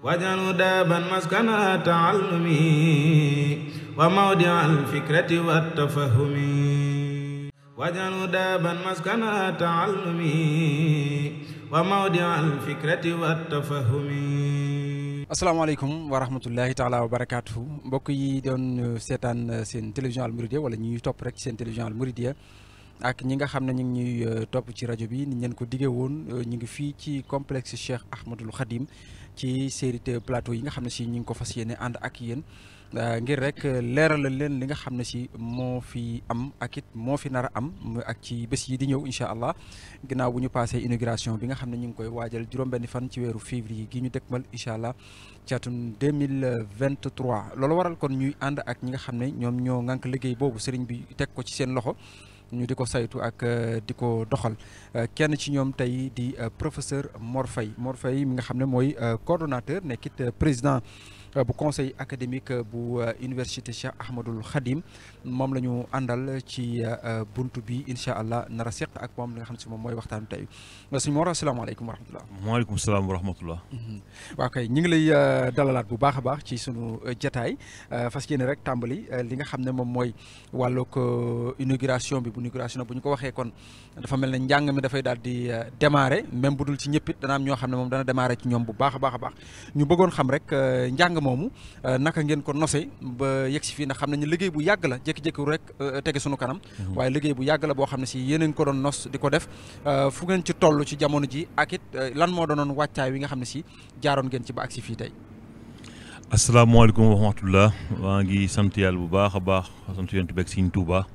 واجعله دابا مسكن التعلم وموضع الفكرة والتفهم واجعله دابا مسكن التعلم وموضع الفكرة والتفهم asalaamaaleykum wa rahmatullahi taala wa barakaatu mbokk yi doon seetaan seen télévision Al Mouridiyyah wala ñuy topp rek seen télévision Al Mouridiyyah ak ñi nga xam ne ñu ngi ñuy euh, topp ci rajo bi ni ñu leen ko diggee woon euh, ñu ngi fii ci complexe Cheikh Ahmadoul Khadim ci série plateau yi nga xam ne si ñu ngi ko fas yéene ànd ak yéen euh, ngir rek leeralal leen li nga xam ne si moo fi am akit moo fi nar a am ak ci bés yi di ñëw incha allah ginnaaw bu ñu passé inauguration bi nga xam ne ñu ngi koy waajal juróom-benni fan ci weeru février gi ñu dëkkmal incha allah ci atum 2023 loolu waral kon ñuy ànd ak ñi nga xam ne ñoom ñoo ngànk liggéey boobu sëriñ bi teg ko ci seen loxo. ñu di ko saytu ak euh, di ko doxal euh, kenn ci ñoom tey di euh, professeur Mor Faye Mor Faye mi nga xam ne mooy coordonnateur nekkit président Euh, bu conseil académique euh, bu euh, université Cheikh Ahmadul Khadim moom la ñu àndal ci buntu bi incha allah nar a seq ak moom li nga xam si moom mooy waxtaan tey suñu Mor asalaamaaleykum wa rahmatulah. maaleykum salaam wa rahmatulah. Mhm. waaw kay ñu ngi lay dalalaat bu baax a baax ci sunu jataay fas yéene rek tàmbali li nga xam ne moom mooy wàllug inauguration bi bu inauguration bu ñu ko waxee kon dafa mel ne njàng mi dafay daal di démarrer même bu dul ci ñëpp it am ñoo xam ne moom dana démarrer ci ñoom bu baax a baax a baax ñu bëggoon xam rek njàng saaga moomu euh, naka ngeen ko nose ba yegg si fii ndax xam ñu liggéey bu yàgg la jékki-jékki rek euh, tege sunu kanam mhm. waaye liggéey bu yàgg la boo xam ne si yéen a ngi ko doon nos di ko def euh, fu ngeen ci toll ci jamono ji ak it lan moo doonoon wàccaay wi nga xam ne si jaaroon ngeen ci ba ak si fii tey asalaamaaleykum wa rahmatullah maa ngi sant yàlla bu baax a baax sant yonent bi ak Sëriñ Tuuba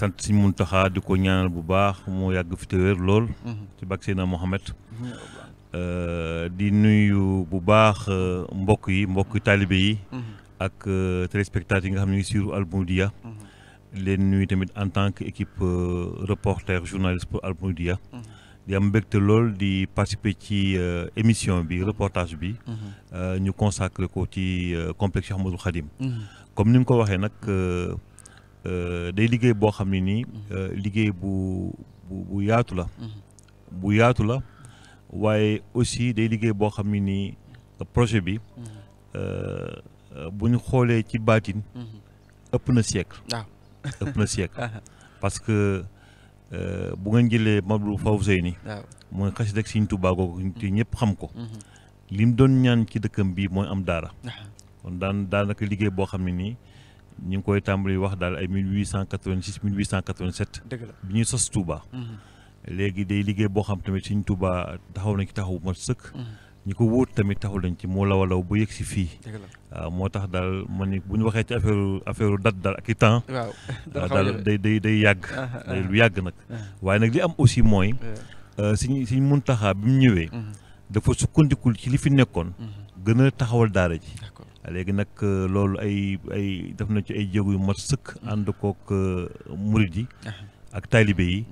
sant Sëriñ Muntaxa di ko ñaanal bu baax moo yàgg fi te wér lool mhm. ci bak Seydina Mohamed mhm. Euh, di nuyu bu baax euh, mbokk yi mbokk taalibe yi. Mm-hmm. ak euh, téléspectateurs yi nga xam ni ñu ngi suivre Almouridiyyah. Mm-hmm. leen nuyu tamit en tant que équipe reporter journaliste pour Almouridiyyah. Mm-hmm. di am mbégte lool di participer ci émission bi reportage bi. ñu consacré ko ci complexe Cheikh Ahmadoul Khadim. comme ni nga ko waxee nag day liggéey boo xam ne nii. liggéey bu bu bu yaatu la. bu yaatu la. waaye aussi day liggéey boo xam ne nii euh, projet bi mm-hmm. euh, euh, bu ñu xoolee ci baatin mm-hmm. ëpp na siècle waaw ah. ëpp na siècle ah. parce que bu ngeen jëlee Mablu Fawzeyni ah. mooy xasi rek Sëriñ Tuubaa googu mm-hmm. te ñëpp xam ko li mu doon ñaan ci dëkkam bii mooy am daara kon daan daanaka liggéey boo xam ne nii ñu ngi koy tàmbali wax daal ay 1886 1887 bi ñuy sos Touba léegi day liggéey boo xam tamit Sëriñ Tuubaa taxaw nañ ci taxaw bu mat sëkk. Mm-hmm. ñu ko wóor tamit taxaw nañ ci moo lawalaw bu yegg si fii. waaw ah, moo tax daal man ni bu ñu waxee ci affaire affaire date daal ak i ah, day day day yàgg. Ah, day lu yàgg nag. waaye nag li am aussi mooy. Eh. Sëriñ mun taxaa bi mu ñëwee. Mm-hmm. dafa sukkandikul ci li fi nekkoon. Mm-hmm. gën a taxawal daara ji. léegi nag loolu ay ay def na ci ay jéego yu mat sëkk. ànd kook murid yi. ak taalibe yi.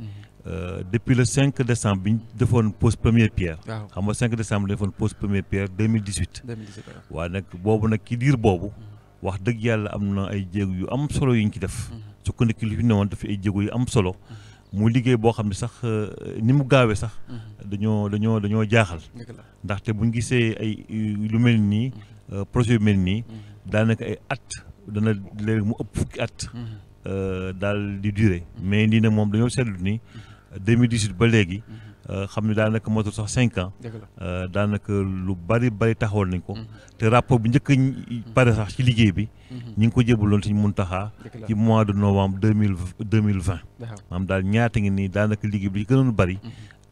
Euh, depuis le cinq décembre bi ñu defoon pose première pierre. xam nga 5 décembre defoon pose première pierre 2018. 2018 waaye nag boobu nag ki diir boobu. Mm-hmm. wax dëgg yàlla am na ay jéego yu am solo yu ñu ki def. Mm-hmm. su ko nekk li fi newoon ay jéego yu am solo. Mm-hmm. muy liggéey boo xam ne sax euh, ni mu gaawee sax. dañoo dañoo dañoo jaaxal. ndaxte bu ñu gisee ay lu mel nii euh, projet yu mel daanaka ay at dana léegi mu ëpp fukki at. daal di dure mais nii nag moom dañoo seetlu nii 2018 ba léegi. Mhm. Euh, xam ne daanaka motul sax cinq ans. Euh, daanaka lu bari bari taxawal nañ ko. Mhm. te rapport bi njëkk a mhm. pare sax ci liggéey bi. ñu ngi ko jébaloon suñu Muntaxa ci mois de novembre deux mille deux mille vingt. maanaam daal ñaata ngi nii daanaka liggéey bi li ci gënoon bari.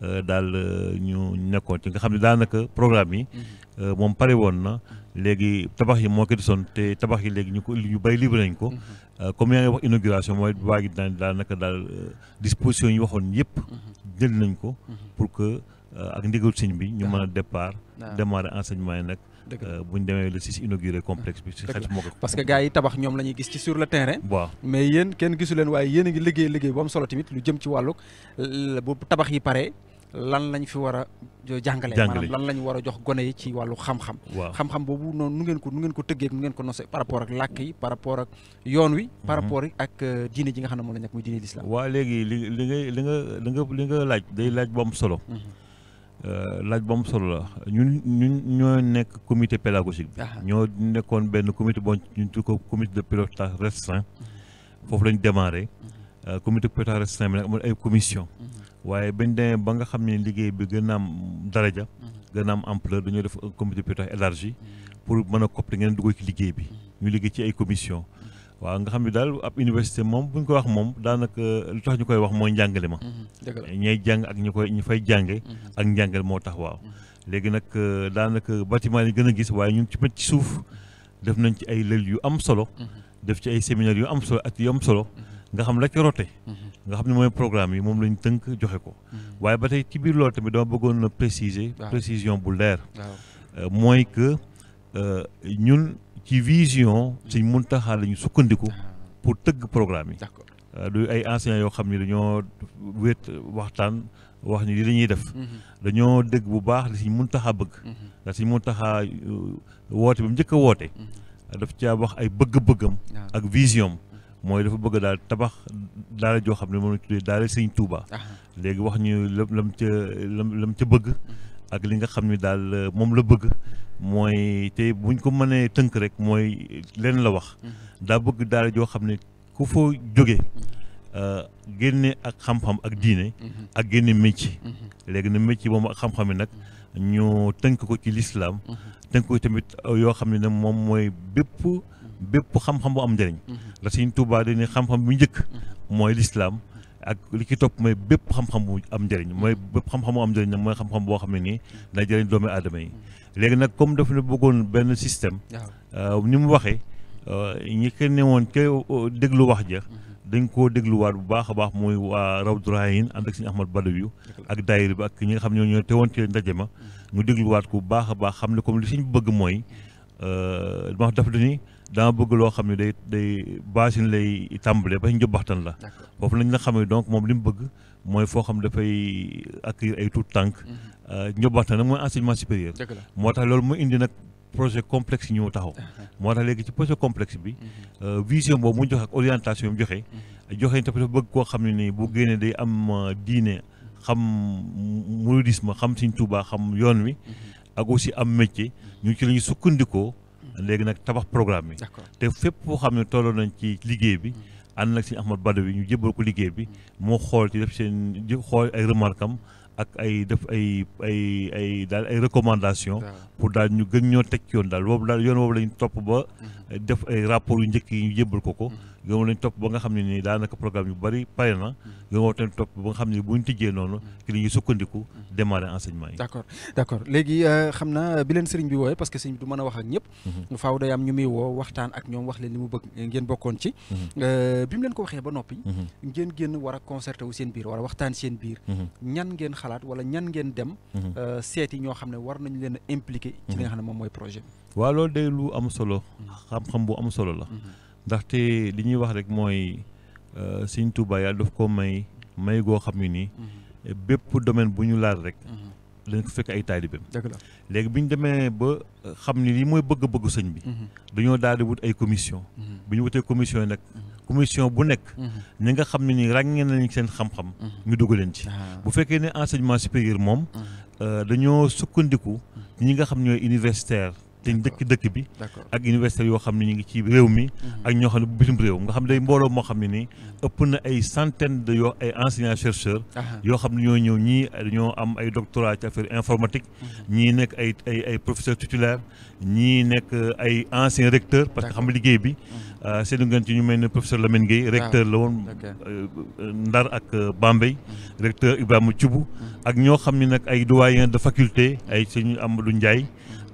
Euh, daal euh, ñu nekkoon ci nga xam ne daanaka programme yi. Mhm. Euh, moom pare woon na. léegi tabax yi moo ko soon te tabax yi léegi ñu ko ñu bari libre nañ ko. Mhm. comme yaa ngi wax inauguration mooy waa gi daan daanaka daal disposition yi waxoon yëpp. Mhm. jël nañ ko. pour que ak ndigal sëñ bi ñu mën a départ. démarrer enseignement yi nag. Euh, bu ñu demee le six inauguré complexe bi si xarit moo ko parce que gars yi tabax ñoom la gis ci sur le terrain mais yéen kenn gisuleen leen waaye yéen a ngi liggéey liggéey bu am solo tamit lu jëm ci wàlluk bu tabax yi paree lan lañ fi war a jàngale maanaam lan lañ war a jox gone yi ci wàllu xam-xam xam-xam boobu noonu nu ngeen ko nu ngeen ko tëggee nu ngeen ko nosé par rapport ak làkk yi par rapport ak yoon wi mhm. par rapport ak euh, diine ji nga xam ne moom la nekk muy diine l'islam waaw léegi li li nga nga li nga nga laaj day laaj bu solo mhm. Euh, laaj bu am solo la ñun ñun ñoo nekk comité pédagogique bi. ñoo nekkoon benn comité bon ñu tudd ko comité de pilotage restreint. Mhm. foofu lañ démarré. Mhm. Euh, comité de pilotage restreint bi nag amul ay commission. Mhm. waaye bañ demee ba nga xam ne liggéey bi gën a am daraja. gën a am ampleur dañoo def comité de pilotage pour mën a coppite ngeen dugg ci liggéey bi. ñu liggéey ci ay commission waaw nga xam ne daal ab université moom bu ñu ko wax moom daanaka euh, lu tax ñu koy wax mooy njàngale ma mhm, ñay jàng ak ñu koy ñu fay jànge mhm. ak njàngale moo tax waaw mhm. léegi nag euh, daanaka bâtiment yi gën a gis waaye ñun ci ci suuf def nañ ci ay lël yu am solo def ci ay séminaire yu am solo ak yu am solo nga xam la ci rote nga xam ne mooy programme yi moom lañ tënk joxe ko waaye ba tey ci biir loolu tamit dama bëggoon na préciser précision bu leer euh, mooy que ñun ci vision siñ Muntaxa la ñu sukkandiku ah. pour tëgg programme yi. d'accord euh, du ay enseignants yoo xam ni dañoo wéet waxtaan wax ni li dañuy def. Mhm. dañoo dégg bu baax li si Muntaxa bëgg. Mhm. ndax si Muntaxa euh, woote bi mu njëkk a woote. Mhm. daf caa wax ay bëgg-bëggam. Ah. ak vision mooy dafa bëgg daal tabax daal joo xam ne moom la ñu tuddee daal Sëñ Tuuba. Ah. léegi wax ñu lam lam ca lam ca bëgg. ak li nga xam ne daal euh, moom la bëgg. mooy te buñ ko mënee tënk rek mooy leen la wax mm-hmm. daa bëgg daal joo xam ne ku foo jóge mm-hmm. euh, génne ak xam-xam ak diine mm-hmm. ak génne métier léegi na métier moom ak xam-xam yi nag ñu tënk ko ci lislaam tënk ko tamit euh, yoo xam ne ne moom mooy bépp bépp xam-xam bu Tuubaa dañuy xam bu njëkk mooy lislaam ak li ci topp mooy bépp xam-xam bu am njëriñ mooy bépp xam-xam bu am njëriñ nag mooy xam-xam boo xam ne nii day jëriñ doomi aadama yi léegi nag comme daf na bëggoon benn système. Euh, ni mu waxee euh, ñi ne woon ca euh, déglu wax ja. Mhm. dañ koo dégluwaat bu baax a baax muy waa Rawdu Rayaahiin ànd ak suñu Ahmad yu ak daayira bi ak ñi nga xam ne ñoo teewoon ci ndaje ma mhm. ñu dégluwaat ko bu baax a baax xam ne comme li suñu bëgg mooy dama daf ni dama bëgg loo xam ne day day baasin lay tàmbale ba ñu jëbaxtan la foofu lañ la xamee donc moom li mu bëgg mooy foo xam dafay accueillir ay tuut tànk mhm. Euh, njobbaxtaan nag mooy enseignement supérieur moo tax loolu mu indi nag projet complexe ñëw taxaw uh-huh. moo tax léegi ci projet complexe bi uh-huh. euh, vision boobu mu joxe ak orientation mu joxe uh-huh. joxe tamit dafa bëgg koo xam ne nii bu génnee day am euh, diine xam mouridisme xam Sëñ Tuubaa xam yoon wi ak aussi am métier ñu ci la ñu sukkandikoo léegi nag tabax programme bi te fépp foo xam ne tolloo nañ ci liggéey bi ànd nag Sëñ Ahmad Badawi ñu jébbal ko liggéey bi moo xool ci def seen xool ay remarkam ak ay def ay ay ay daal ay recommandations. pour daal ñu gën ñoo teg yoon daal boobu daal yoon boobu lañu topp ba. Mhm. def ay rapports yu njëkk yi ñu jébbal ko ko. Mhm. yow lañ topp ba nga xam ne nii daanaka programme yu bari pare na mm-hmm. yow tamit topp ba nga xam ne bu ñu tijjee noonu mm-hmm. ki li ñuy sukkandiku mm-hmm. démarrer enseignement yi d'accord d'accord léegi euh, xam na bi leen sëriñ bi wooye parce que sëñ bi du mën a wax ak ñëpp faaw day am ñu muy woo waxtaan ak ñoom wax leen li mu bëgg euh, ngeen bokkoon ci euh, bi mu leen ko waxee ba noppi ngeen génn war a concerté wu seen biir war a waxtaan seen biir ñan ngeen xalaat wala ñan ngeen dem seeti ñoo xam ne war nañu leen a impliqué ci xam ne moom mooy projet bi lu am solo xam bu am solo la ndaxte li ñuy wax rek mooy euh, Sëñ Tuuba yàlla daf koo may may goo xam ne nii mhm. bépp domaine bu ñu laal rek mhm. dañ ko fekk ay taalibeem léegi bi ñu demee ba euh, xam ni li mooy bëgg bëgg sëñ bi mhm. dañoo daal di wut ay commission bu ñu wutee commission yi nag commission bu nekk ni nga xam ne ni ràññee nañu seen xam-xam ñu dugg leen ci ah. bu fekkee ne enseignement supérieur moom euh, dañoo sukkandiku ñi nga xam ñooy universitaire te dëkk dëkk bi ak université yoo xam ne ñu ngi ci réew mi mhm. ak ñoo xam ne bu bitim réew nga xam ne day mbooloo moo xam ne nii mhm. ëpp na ay centaine de yoo ay enseignants chercheurs yoo xam ne ñoo ñëw ñii dañoo am ay doctorat ci affaire informatique mhm. ñii nekk ay ay ay professeurs ñii nekk ay anciens recteurs parce que xam nga liggéey bi euh, seenu ngeen ci ñu mel ne professeur Lamine Gueye recteur la woon euh, Ndar ak euh, Bambey recteur Ibrahima Thioub ak ñoo xam ne nag ay doyens de faculté ay suñu Amadou Ndiaye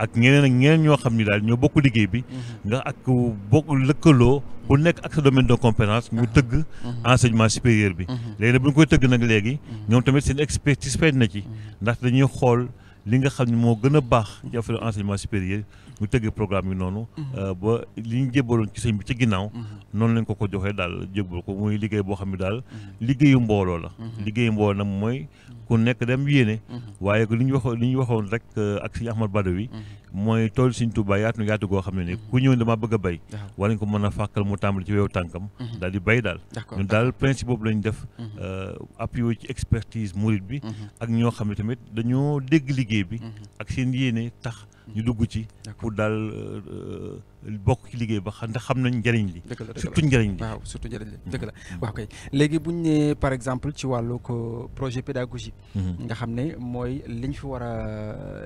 ak ñeneen ak ñeneen ñoo xam ni daal ñoo bokk liggéey bi mhm. nga ak bokk lëkkaloo ku nekk ak sa domaine de compétence ñu mhm. tëgg mhm. enseignement supérieur bi léegi nag bu ñu koy tëgg nag léegi ñoom tamit seen expertise feeñ na ci ndax dañuy xool li nga xam ne moo gën a baax ci affaire enseignement supérieur mu tëggee programme yi noonu. Mhm. Euh, ba li ñu jébbaloon ci sëñ bi ci ginnaaw. Mhm. noonu lañ ko ko joxee daal jébbal ko muy liggéey boo xam ne daal mhm. liggéeyu mbooloo la. liggéeyu mbooloo nag mooy ku nekk dem yéene. waaye li li ñu waxoon rek euh, ak sëñ Ahmad Badawi mooy tool Sëñ Tuubaa yaatu na yaatu goo xam ne ni ku ñëw dama bëgg a béy war nañ ko mën a fàkkal mu tàmbali ci weewu tànkam daal di béy daal ñun daal principe boobu lañ def euh, appuyé ci expertise murit bi ak ñoo xam ne tamit dañoo dégg liggéey bi ak seen yéene tax ñu dugg ci pour daal euh, euh, bokk ci liggéey ba ndax xam nañ njëriñ li surtout njëriñ li waaw surtout njëriñ li la mm-hmm. waaw kay léegi buñ ne par exemple ci wàllu ko projet pédagogique mm-hmm. nga xam ne mooy liñ fi war a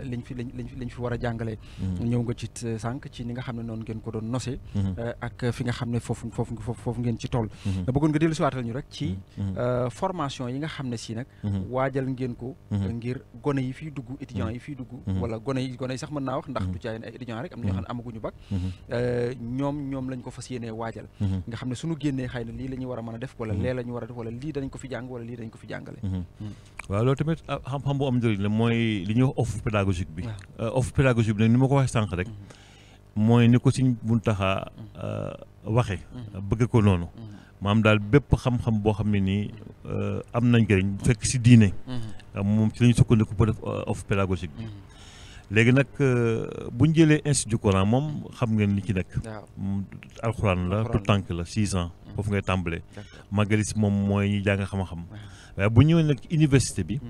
liñ fi liñ liñ fi war a jàngalee mm-hmm. ñëw nga ci sànq ci ni nga xam ne noonu ngeen ko doon nosé euh, ak fi nga xam ne foofu foofu foofu ngeen ci toll bëggoon nga dellu siwaatal ñu rek ci euh, formation yi nga xam ne si nag waajal ngeen ko ngir gone yi fiy dugg étudiants yi fiy dugg wala gone yi gone yi sax mën naa wax ndax du ci ay étudiants rek am na ñoo xam ne amaguñu bac Euh, ñoom ñoom lañ ko fa fas yéenee waajal mhm. nga xam ne suñu génnee xay na lii la war a mën a def wala mhm. lee la ñu war a def wala lii dañ ko fi jàng wala lii dañ ko fi jàngale mhm. waaw loolu tamit ah, xam-xam bu am la mooy li ñuy wax offre pédagogique bi euh, ni ma ko waxee sànq rek mooy ni ko Sëñ Muntaxa euh, waxe bëgg ko noonu maam daal bépp xam-xam boo xam ne nii am nañ njëriñ fekk si diine moom ci la ñu sukkandiku pour bi léegi nag euh, bu ñu jëlee institut moom xam ngeen li ci nekk. alxuraan la tout tànk la six ans. Mm. foofu ngay tàmbalee. magalis moom mooy ñi jàng xam-xam. a waaye bu ñëwee nag université bi. Mm.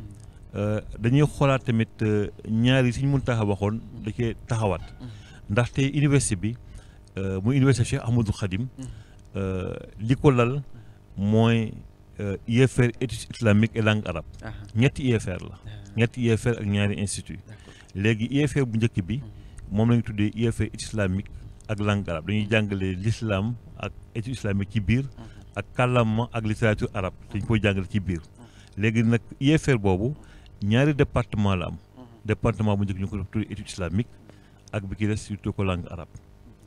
Euh, dañuy xoolaat tamit euh, ñaari suñ mun taxa waxoon da cee taxawaat. Mm. ndaxte université bi muy université Cheikh Ahmadou Khadim. li ko lal mooy IEFR études islamiques et langue arabe. ñetti IEFR la. ñetti IEFR ak ñaari institut. léegi IEF bu njëkk bi moom lañu tuddee IEF islamique ak langue arabe dañuy mm-hmm. jàngale l'islam ak étude ci biir mm-hmm. ak kàllaama ak littérature arab mm-hmm. dañ koy jàngale ci biir léegi nag IEF boobu ñaari departement la am département bu njëkk ñu ko tuddee étude islamique ak bi ki des surtout ko langue arabe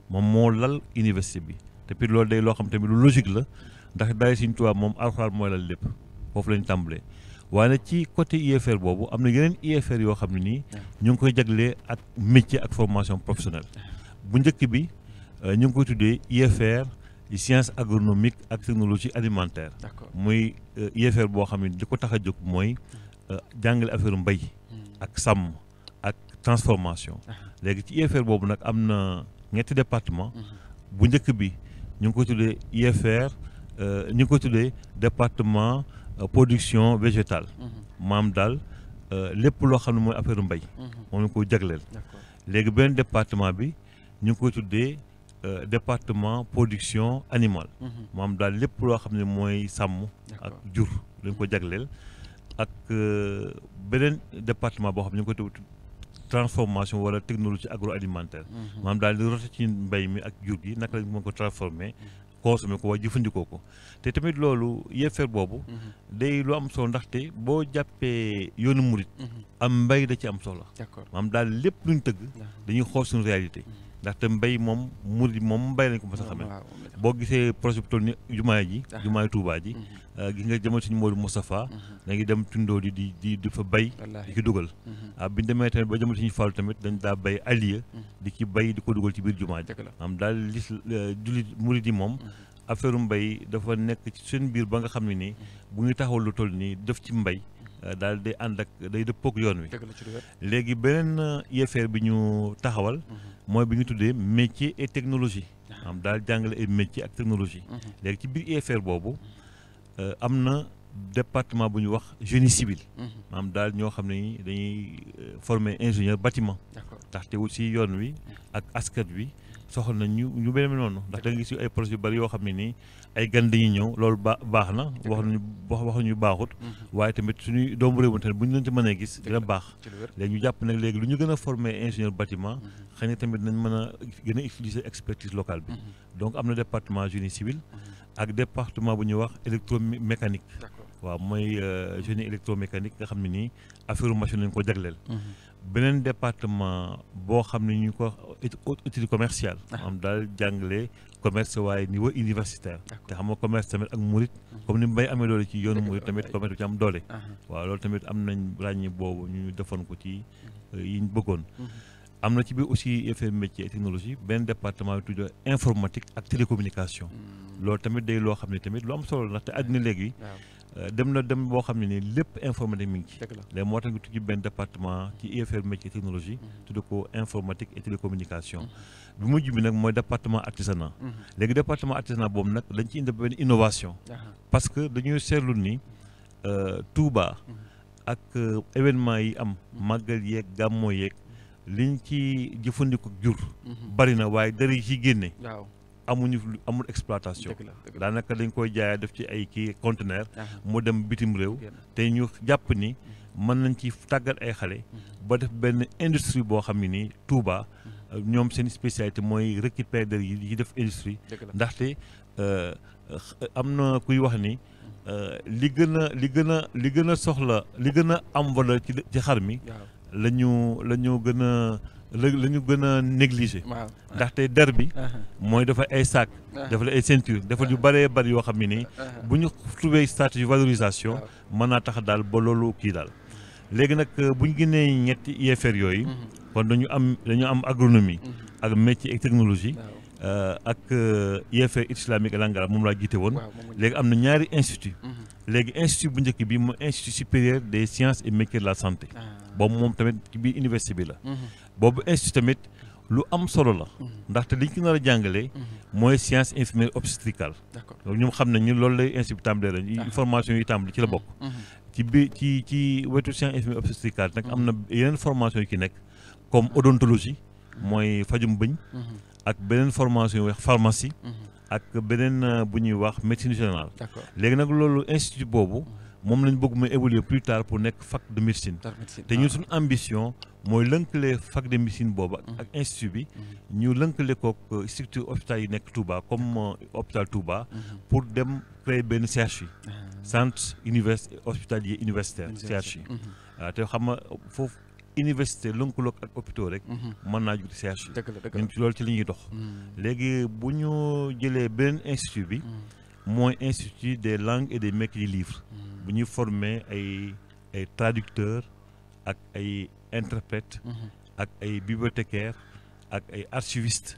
moom moo lal université bi te puis loolu day loo xam tamit lu logique la ndax daay Sëriñ Tuubaa moom alxuraan mooy lal lépp foofu lañ tàmbalee waaye nag ci côté IFR boobu am na yeneen IFR yoo xam ne nii ñu ngi koy jaglee ak métier ak formation professionnelle bu njëkk bi euh, ñu ngi koy tuddee IFR science agronomique ak technologie alimentaire muy euh, IFR boo xam ne di ko tax a jóg mooy mm. euh, jàngale affaire mbay mm. ak sàmm ak transformation ah. léegi ci effaire boobu nag am na ñetti département mm-hmm. bu njëkk bi ñu ngi koy tuddee IFR ñu ngi koy tuddee département Euh, production végétale. Mhm. maam daal euh, lépp loo xam ne mooy affaire mbay. Mhm. moom ñu ko jagleel. léegi benn département bi ñu ngi koy tuddee euh, département production animale. Mhm. maam daal lépp loo xam ne mooy sàmm. ak jur dañ ko jagleel. ak beneen département boo xam ne ñu ngi koy transformation wala technologie agroalimentaire. maam daal di rote ci mbay mi ak jur gi naka la ñu ko transformer consommer ko waaye jëfandikoo ko te tamit loolu yëfër boobu. Mhm. day lu am solo ndaxte boo jàppee yoonu murit mhm. am mbay da ci am solo. d'accord am daal lépp luñ tëgg. dañuy xool suñu réalité. Mhm. ndaxte mbay moom murid moom mbay lañ ko mos a xamee boo gisee projet bu toll ni jumaa ji jumaa Tuubaa ji mhm. ah, gis nga jamono suñu Moodu Moustapha mhm. da ngi dem tundoo di di di di fa bay di ci dugal mhm. ah bi ñu demee tamit ba jamono suñu Faalu tamit dañ daa bay aliya di ki bay di ko dugal ci biir jumaa ji am daal lis eh, jullit murid yi moom affaire mbay dafa nekk ci seen biir ba nga xam ne nii bu ñu taxaw lu toll nii def ci mbay Euh, daal di ànd ak day dëppoog yoon wi. léegi beneen IFR euh, bi ñu taxawal. Mhm. mooy bi ñu tuddee métier et technologie. Ah. am daal jàngale ay métier ak technologie. Mhm. léegi ci biir IFR boobu euh, am na département bu ñu wax génie civil. Mhm. maanaam daal ñoo xam ne dañuy former ingénieur bâtiment. ndaxte wu si yoon wi ak askan wi. soxal na ñu ñu beneen noonu ndax da nga gis ay projets yu bari yoo xam ne nii ay gan dañuy ñëw loolu ba baax na wax nañu wax ñu baaxut mhm. waaye tamit suñuy doomu réew mi tamit bu ñu leen ci a gis dina baax léegi ñu jàpp nag léegi lu ñu gën a forme ingénieur bâtiment mhm. xëy ne tamit nañ mën a gën a utiliser expertise locale bi mhm. donc am na département génie civil ak département bu ñuy wax électromécanique waaw mooy euh, génie électromécanique nga xam ne nii affaire machine lañ ko jagleel beneen département boo xam ne ñu ko étude commercial am ah. daal jàngale commerce waaye niveau universitaire te xam nga commerce tamit ak murit mhm. comme ni bay amee doole ci yoonu murit tamit commerce bi ci am doole ah. waaw loolu tamit am nañ ràññi boobu ñu defoon ko ci mhm. euh, yi ñu bëggoon mhm. am na ci biir aussi effet métier et technologie benn département bi tudd informatique ak télécommunication mm. loolu tamit day loo xam ne tamit lu am solo la ndaxte Euh, dem na dem boo xam ne ni lépp informatique mi ngi ci léegi moo tax nga tujj benn département ci UFR métier technologie mhm. tudde ko informatique et télécommunication mhm. bi mujj bi nag mooy département artisanat mhm. léegi département artisanat boobu nag dañ ci indi benn innovation ah. parce que dañuy seetlu ni euh, Touba ak euh, événement yi am màggal yeeg gàmmoo yeeg liñ ci jëfandiku jur bari na waaye dara yi ci génne amuñu amul exploitation daanaka dañ koy jaaya def ci ay kii conteneur ah. moo dem bitim réew te ñu jàpp ni mm-hmm. mën nañ ci tàggal ay xale mm-hmm. ba def benn industrie boo xam ne nii Touba mm-hmm. euh, ñoom seen spécialité mooy der yi yi def industrie ndaxte euh, am na kuy wax ni euh, li gën a li gën a li gën a soxla li gën a am valeur ci ci xar mi la ñu la gën a la la ñu gën a négliger. ndaxte der bi. Uh-huh. mooy dafa ay sac. Uh-huh. dafa la ay ceinture dafa yu uh-huh. baree bëri yoo xam ne nii. bu ñu trouvé stratégie valorisation. mën naa tax daal ba loolu kii daal. léegi nag euh, bu ñu génnee ñetti IFR yooyu. kon dañu am dañu am agronomie. ak métier et technologie. Euh, ak euh, IFR islamique et langue moom laa jiite woon. léegi am na ñaari institut. léegi institut bu njëkk bi mooy institut supérieur des sciences et métiers de la santé. Ah. boobu moom tamit ci biir université bi la. Mhm. boobu institut tamit lu am solo la. Mhm. ndaxte liñ ko nar a jàngalee. Mhm. mooy science infirmière obstétricale. d'accord donc ñoom xam nañu loolu lay institut tàmbalee la. formation yi tàmbali ci la bokk. ci bi ci ci wetu science infirmière obstétricale nag am na yeneen formation yu ci nekk comme odontologie mooy fajum bëñ. ak beneen formation yu wax pharmacie. ak beneen euh, bu ñuy wax médecine générale. léegi nag loolu institut boobu. moom lañ bëgg muy évoluer plus tard pour nekk fac de médecine te ñun suñu ambition mooy lënkale fac de médecine booba mm-hmm. ak institut bi mm-hmm. ñu lënkale kook euh, structure hôpital yi nekk Touba comme euh, hôpital Touba mm-hmm. pour dem créer benn CHU ah. centre univers hospitalier universitaire CHU ah, te xam nga foofu université lënkaloog ak hôpitaux rek mën naa jur CHU ñun ci loolu ci li ñuy dox mm. léegi bu ñu jëlee benn institut bi mm. mooy institut des langues et des maîtres du livre mm. bu ñuy former ay ay traducteurs ak ay interprètes mm-hmm. ak ay bibliothécaires ak ay archivistes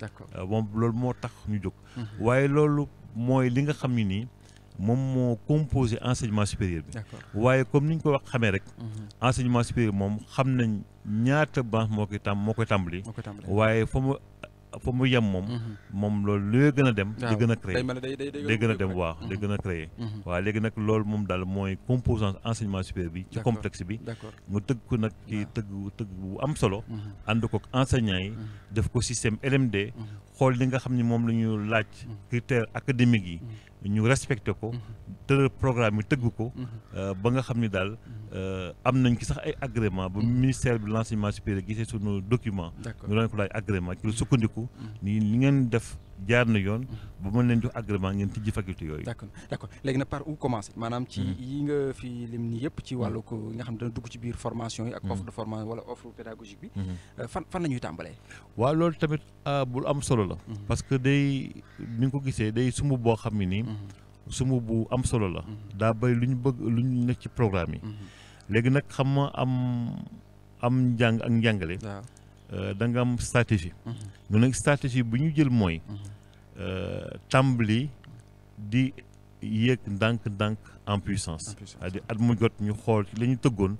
moom euh, loolu moo tax ñu jóg mm-hmm. waaye loolu mooy li nga xam ni nii moom moo composé enseignement supérieur bi waaye comme ni ñu ko wax xamee rek mm-hmm. enseignement supérieur moom xam nañ ñaata branche moo koy tam moo koy tàmbali waaye fa mu fa mu yem moom mhm. moom loolu luy gën a dem di gën a créer day gën a dem waaw day gën a mhm. créer mhm. waaw léegi nag loolu moom daal mooy composant enseignement supérieur bi ci complexe bi mu tëgg ko nag ci tëgg tëgg bu am solo ànd ko enseignants yi def ko système LMD xool li nga xam ni moom la ñu laaj critères académiques yi ñu respecté ko mhm. tëral programme bi tëgg ko mhm. euh, ba nga xam ni daal mhm. euh, am nañ ki sax ay agrément ba ministère bi l'enseignement supérieur gisee sunu document ñu doon ko laaj agrément ci lu sukkandiku ni li ngeen def jaar na yoon ba mën leen jox agrément ngeen tijji faculté yooyu. d' accord d' accord léegi nag par où commencer maanaam ci hmm. yi nga fi lim yëpp ci hmm. wàllu nga xam ne dana dugg ci biir formation yi. ak hmm. offre de formation wala offre pédagogique bi. Euh, fan fan la ñuy tàmbalee. waa loolu tamit euh, bul am solo la. parce que day ni nga ko gisee day sumb boo xam ne nii. sumb bu am solo la. daa bay lu ñu bëgg lu ñu nekk ci programme yi. léegi nag xam ma am am njàng ak njàngale. Euh, da am stratégie. ñu mhm. nag stratégie bu ñu jël mooy. Mhm. Euh, tàmbali di yéeg ndànk-ndànk en puissance. cest à at mu jot ñu xool ci la ñu tëggoon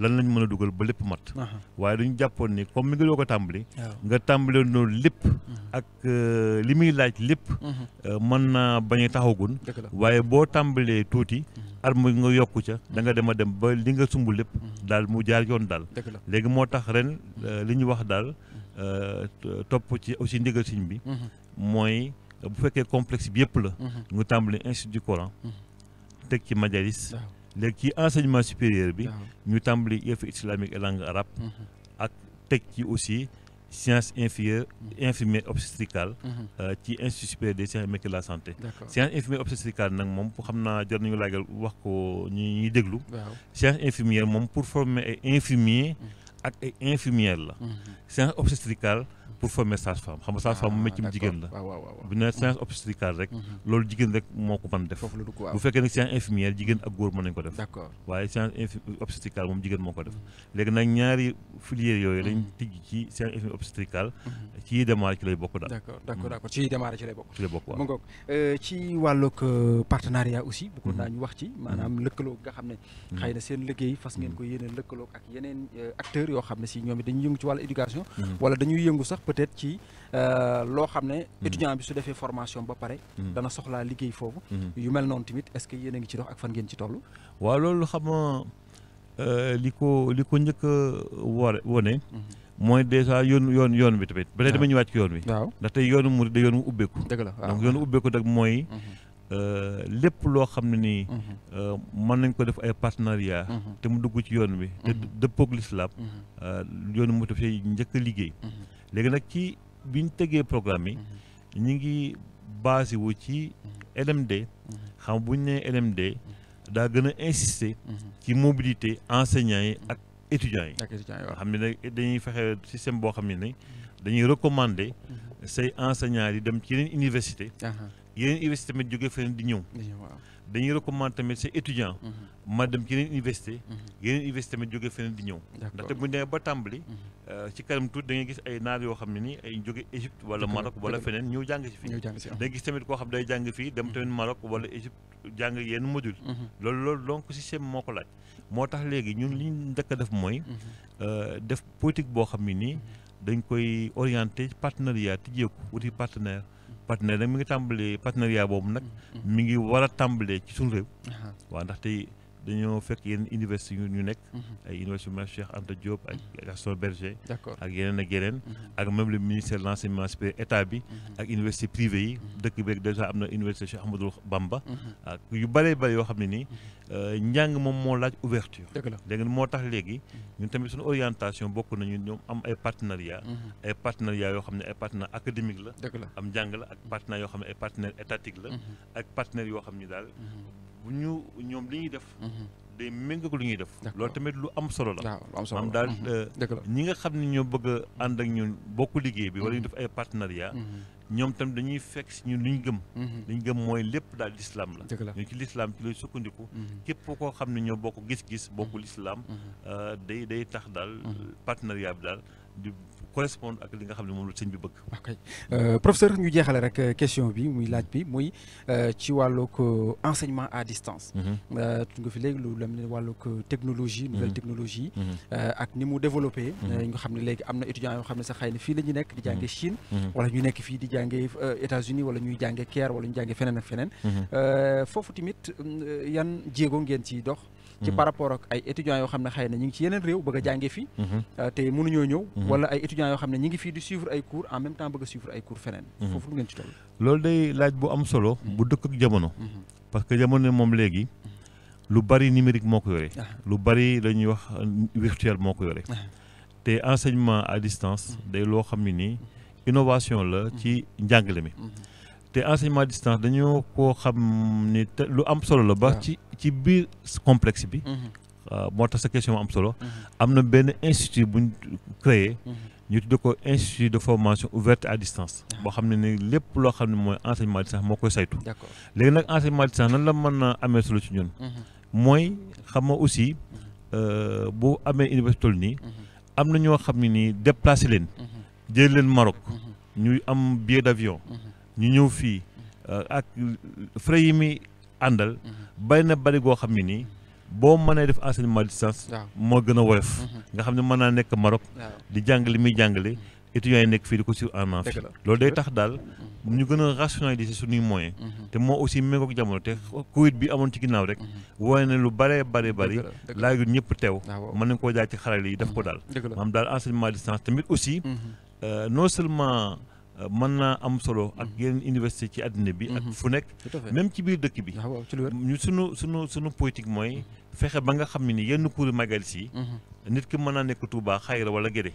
lan lañ mën a dugal ba lépp mat. Mhm. waaye dañu jàppoon ni comme mi nga doo ko tàmbali. nga tàmbalee noonu lépp. ak euh, li muy laaj lépp. mën naa bañ a taxagun. waaye boo tàmbalee tuuti. arme nga yokku ca da nga dem a dem ba li nga sumb lépp mm-hmm. daal mu jaar yoon daal léegi moo tax ren euh, li ñu wax daal euh, topp ci aussi ndigal siñ bi mm-hmm. mooy bu fekkee complexe bi yëpp la mm-hmm. ñu tàmbali institut du Coran teg ci majalis léegi ci enseignement supérieur bi ñu tàmbali IEF islamique et langue ak teg ci aussi sciences infirmières infirmière obstétricale mhm. Mhm. Euh, ci institut supérieur des sciences et la santé science infirmière obstétricale nag moom pour xam naa jar nañu laagal wax ko ñu ñuy déglu science infirmière moom pour former ay infirmier mhm. ak ay infirmière la science obstétricale pour former sage-femme xam nga sage-femme mu métier ah, jigéen la ah, bu ñu nee science obstétricale rek mhm. loolu jigéen rek moo ko mën def bu fekkee nag science infirmière jigéen ak góor mën nañu ko def waaye science obstétricale moom jigéen moo ko def mhm. léegi nag ñaari filière yooyu lañ mhm. tijj ci science infirmière obstétricale ci yi démarré ci lay bokk daal ci yi démarré ci lay bokk ci lay bokk waaw euh, ci wàllug euh, partenariat aussi bëggoon naa ñu wax ci maanaam lëkkaloo nga xam peut-être ci euh, loo xam ne mm-hmm. étudiant bi su defee formation ba pare mm-hmm. dana soxlaa liggéey foofu mm-hmm. yu mel noonu tamit est-ce que yéen ngi ci dox ak fan ngeen ci toll waaw loolu xam euh, li ko li ko njëkk a wone mooy dèjà yoon yoon yoon bi tamit ba tey dama ah. ñëwaat ci yoon bi waaw ndax tey yoonu murid yoonu ubbeeku dëgg la donc yoonu ubbeeku nag mooy euh, lépp loo xam ne nii mën nañ ko def ay partenariat te mu dugg ci yoon bi te dëppoog lislaam yoonu murid dafay njëkk liggéey léegi nag ci biñ tegee programme yi mhm. ñu ngi basé wu ci mhm. LMD mhm. xam buñ ne LMD daa gën a insister ci mobilité enseignants yi ak étudiants yi xam ne nag dañuy fexe système boo xam ne ne dañuy recommander say enseignants yi dem ci yeneen université uh-huh. yeneen université tamit jóge feneen di ñëw dañuy recommande tamit ces étudiants. Mhm. ma dem ci yeneen université. Mhm. yeneen université tamit jóge feneen di ñëw. ndaxte bu ñu demee ba tàmbali. Mhm. Euh, ci kanam tuuti da gis ay naar yoo xam ne nii ay jóge Égypte wala Maroc wala feneen ñëw jàng si fii. Ah. da ngay gis tamit koo xam day jàng fii dem tamit Maroc wala Égypte jàng yenn module. loolu loolu donc système moo ko laaj. moo tax léegi ñun li ñu njëkk a def mooy. Euh, def politique boo xam ne nii dañ koy orienté partenariat tijjeeku wuti partenaire. partenaire nag mi ngi tàmbalee partenariat boobu nag mm-hmm. mi ngi war a tàmbalee ci suñu réew waaw ndaxte dañoo fekk yeneen université yu ñu nekk mhm. ay université Mame Cheikh Anta Diop ak mhm. Gaston Berger ak yeneen ak yeneen mhm. ak même le ministère de l'enseignement supérieur état bi ak université privée yi dëkk bi déjà am na université Cheikh Ahmadou Bamba ak yu bëree bëri yoo xam ne nii euh, njàng moom moo laaj ouverture léegi moo tax léegi ñun tamit suñu orientation bokk nañu ñoom am ay partenariat ay partenariat yoo xam ne ay partenaire académique la am njàng la ak partenaire yoo xam ne ay partenaire étatique la ak partenaire yoo xam ne daal bu ñu ñoom li ñuy def. Mhm. day méngoo ko lu ñuy def. loolu tamit lu am solo la. waaw lu am solo la daal mhm. euh, ñi nga xam ne ñoo bëgg a ànd ak ñun bokk liggéey bi. wala ñu mhm. def ay partenariat ñoom tam dañuy fekk si ñun lu ñu gëm. li gëm mooy lépp daal lislaam la. ñu ci lislaam ci lay sukkandiku. képp koo xam ne ñoo bokk gis-gis bokku lislaam euh, day day tax daal partenariat bi daal correspondre ak li nga xam ne moom la sëñ bi bëgg. ok euh, professeur ñu jeexale rek euh, question bi muy laaj bi muy euh, ci wàllug enseignement à distance. Mhm. tudd nga fi léegi lu lam ne wàllug technologie. Mhm. nouvelle technologie. Mhm. ak ni mu développé. ñu xam ne léegi am na étudiants yoo xam ne sax xëy fii la ñu nekk di jàngee Chine. wala ñu nekk fii di jàngee États-Unis wala ñuy jàngee Caire wala ñu jàngee feneen ak feneen. foofu tamit yan jéegoo ngeen ci dox. ci par rapport ak ay étudiants yoo xam ne xëy na ñu ngi ci yeneen réew bëgg a jàngee fii mhm. euh, te mënuñoo ñëw mhm. wala ay étudiants yoo xam ne ñu ngi fii di suivre ay cours en même temps bëgg a suivre ay cours feneen mhm. foofu lu ngeen ci toll loolu day laaj bu am solo bu dëkk ak jamono parce que jamono moom léegi lu bari numérique moo ko yore ah. lu bari la ñuy wax euh, virtuel moo ko yore ah. te enseignement à distance day loo xam ne nii innovation la ci njàngale mi te enseignement à distance dañoo koo xam ni lu am solo la ba ci ci biir complexe bi mm-hmm. ah, moo tax sa question am solo mm-hmm. am na benn institut buñ créé mm-hmm. ñu tudd ko institut de formation ouverte à distance boo xam ne ni lépp loo xam ne mooy enseignement à distance moo koy saytu léegi nag enseignement à distance nan la mën a amee solo ci ñun mooy xam nga aussi euh, bu amee université nii am na ñoo xam ni nii déplacé leen jël leen Maroc ñuy am billet ñu ñëw fii euh, ak frais yi muy àndal mhm. bari na bari goo xam ne nii boo mën mënee def enseignement distance moo gën a woyof mhm. nga xam ne mën naa nekk Maroc di jàngale muy jàngale mhm. étudiants yi nekk fii di ko suivre en amphi loolu day tax daal ñu gën a rationaliser suñuy moyens te moo aussi méngoog jamono te Covid bi amoon ci ginnaaw rek wone ne lu bare bare bari laaju ñëpp teew mën nañ koo jaay ci xarale yi daf ko daal maanaam daal enseignement distance tamit euh, mën naa am solo ak mhm. yeneen université ci àddina bi ak mhm. fu nekk même ci biir dëkk bi ah ñu sunu sunu sunu politique mooy mhm. fexe ba nga xam ne ni yenn cours yi magalis yi nit ki mën naa nekk Touba xayra wala Guédé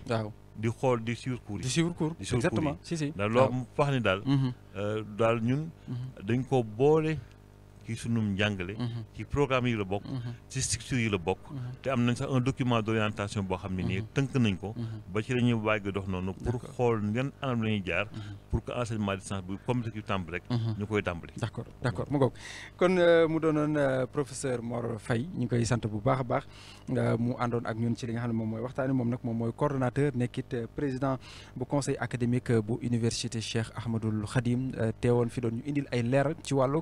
di xool di suivre cours yi di suivre cours exactement si si daal loo wax ni daal euh, daal ñun dañ ko boole ci sunum njàngale mm-hmm. ci programme yi la bokk mm-hmm. ci structure yi la bokk mm-hmm. te am nañ sax un document d'orientation boo xam ne nii tënk nañ ko ba ci la ñuy waaj dox noonu pour xool ngeen anam la ñuy jaar pour que enseignement à distance bu comme ki tàmb rek ñu koy tàmbali d'accord d'accord mu ngoog kon euh, mu doonoon euh, professeur Mor Faye ñu koy sant bu baax a baax euh, mu àndoon ak ñun ci li nga xam ne moom mooy waxtaani moom nag moom mooy coordonnateur nekkit président bu conseil académique bu université Cheikh Ahmadoul Khadim teewoon fi doon ñu indil ay leeral ci wàllu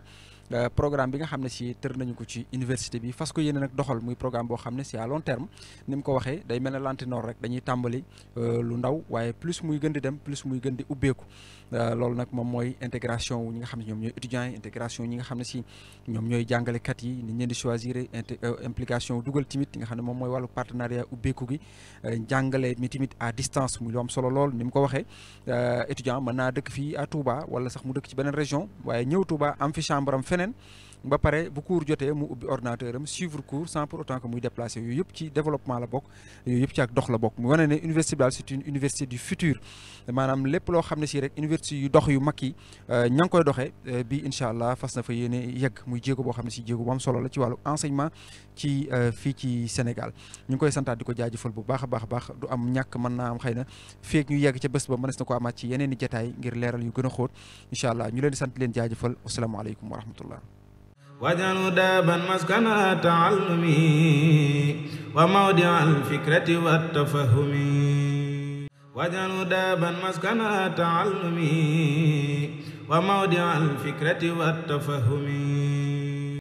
Euh, programme bi nga xam ne si tër nañu ko ci université bi fas ko yéene nag doxal muy programme boo xam ne si à long terme ni mu ko waxee day mel ne lanti rek dañuy tàmbali euh, lu ndaw waaye plus muy gën di dem plus muy gën di ubbeeku Euh, loolu nag moom mooy intégration wu ñi nga xam ne ñoom ñooy étudiants yi ñi nga xam ne si ñoom ñooy jàngalekat yi ni ñeen di choisir euh, implication dugal timit yi nga xam ne moom mooy wàllu partenariat ubbeeku gi euh, jàngale mi timit à distance mu lu am solo lool ni mu ko waxee étudiant mën naa dëkk fii à Touba wala sax mu dëkk ci beneen région waaye ñëw Touba am fi chambre am feneen ba pare bu cours jotee mu ubbi ordinateur am suivre cours sans pour autant que muy déplacé yooyu yëpp ci développement la bokk yooyu yëpp ci ak dox la bokk mu wane ne université bi daal c'est une université du futur maanaam lépp loo xam ne si rek université yu dox yu mag yi euh, ña ngi koy doxee euh, bi incha allah fas na fa yéene yegg muy jéego boo xam ne si jéego bu am solo la ci wàllu enseignement ci euh, fii ci Sénégal ñu ngi koy santaat di ko jaajëfal bu baax a baax baax du am ñàkk mën naa am xëy na feeg ñu yegg ca bés ba mënees na ci yeneen i jataay ngir leeral yu gën a xóot incha allah ñu leen di sant leen jaajëfal wasalaamaaleykum wa rahmatullah واجعله دابا مسكن تعلم وموضع الفكرة والتفهم واجعله دابا مسكن تعلم وموضع الفكرة والتفهم